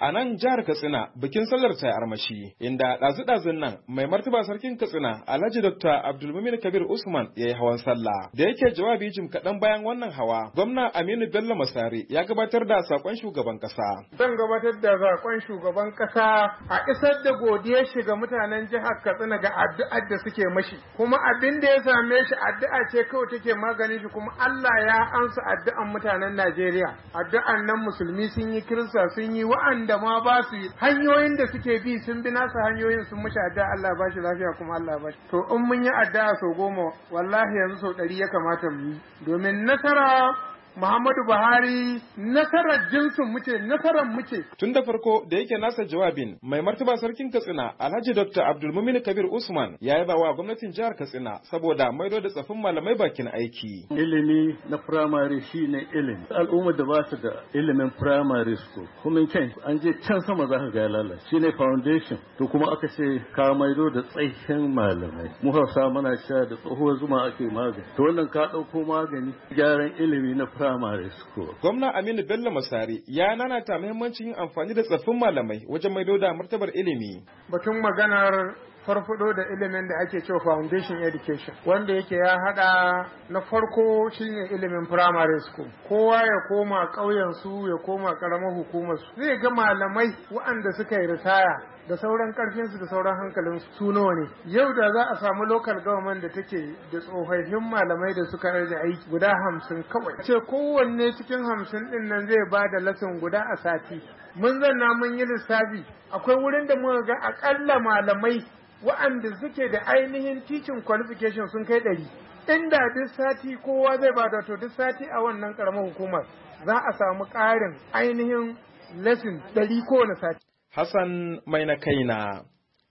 A nan jihar Katsina bikin sallar ta armashi inda ɗazu-ɗazun nan mai martaba sarkin Katsina Alhaji Dr. Abdulmumin Kabir Usman ya yi hawan sallah. Da yake jawabi jim kaɗan bayan wannan hawa, gwamna Aminu Bello Masari ya gabatar da sakon shugaban ƙasa. Zan gabatar da sakon shugaban ƙasa a isar da godiyar shi ga mutanen jihar Katsina ga addu'ar da suke mashi. Kuma abin da ya same shi addu'a ce kawai take magani shi kuma Allah ya ansa addu'an mutanen Najeriya. Addu'an nan musulmi sun yi kirista sun yi wa'anda Da ma ba su hanyoyin da suke bi sun bi nasu hanyoyin sun mushi addu'a Allah ba shi lafiya kuma Allah ba shi to in mun yi addu'a sau goma wallahi yanzu sau ɗari ya kamata mu yi domin nasara Muhammadu Buhari nasarar jinsin muke nasarar muke. Tun da farko da yake nasa jawabin mai martaba sarkin Katsina Alhaji Dr. Abdulmumin Kabir Usman ya yaba wa gwamnatin jihar Katsina saboda maido da tsafin malamai bakin aiki. Ilimi na firamare shine ilimi. Al'ummar da ba su da ilimin firamare school kuma kai an je can sama za ka ga lalace shine foundation to kuma aka ce ka maido da tsaihin malamai. Mu Hausa muna sha da tsohuwar zuma ake magani. To wannan ka ɗauko magani gyaran ilimi na primary school. Gwamna Aminu Bello Masari ya nanata muhimmancin yin amfani da tsaffin malamai wajen maido da martabar ilimi. Batun maganar farfado da ilimin da ake cewa foundation education wanda yake ya hada na farko shine ilimin primary school kowa ya koma ƙauyen su ya koma karamar hukumarsu zai ga malamai waɗanda suka yi ritaya da sauran karfinsu da sauran hankalin su nawa ne yau da za a samu local government da take da tsofaffin malamai da suka rage aiki guda hamsin kawai ce kowanne cikin hamsin din nan zai ba da lasin guda a sati mun zanna mun yi lissafi akwai wurin da muka ga akalla malamai wa'anda suke da ainihin teaching qualification sun kai ɗari inda duk sati kowa zai ba da to duk sati a wannan karamar hukumar za a samu ƙarin ainihin lesson ɗari kowane sati Hassan Mai na kaina,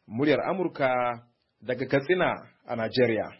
muryar Amurka daga Katsina a Najeriya.